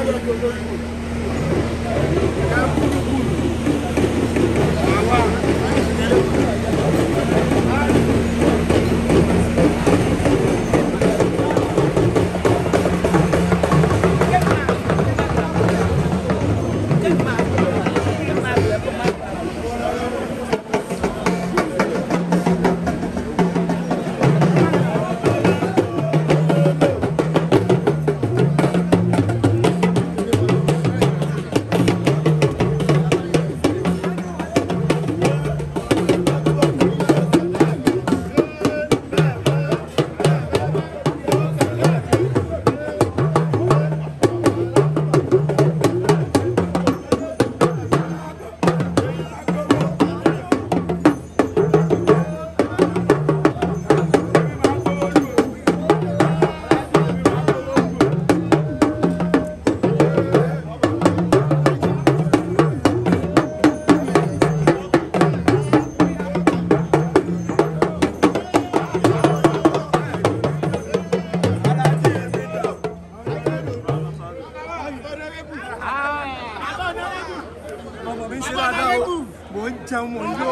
água que eu dou em É puro, puro. Água, ń ṣe dáadáa o mò ń jẹun mò ń yọ.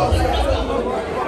Thank you.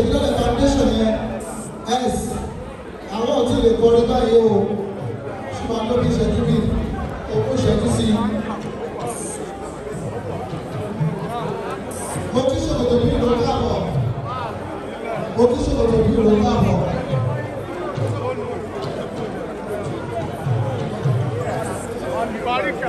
ìdílé foundation yẹn s àwọn ò tí ì lè kọrin báyìí o ṣùgbọ́n ló fi ṣẹ́jú bíi òkú ṣẹ́jú sí i. mo tún ṣòkòtò bí ìlú láàbọ̀ mo tún ṣòkòtò bí ìlú láàbọ̀. Barika.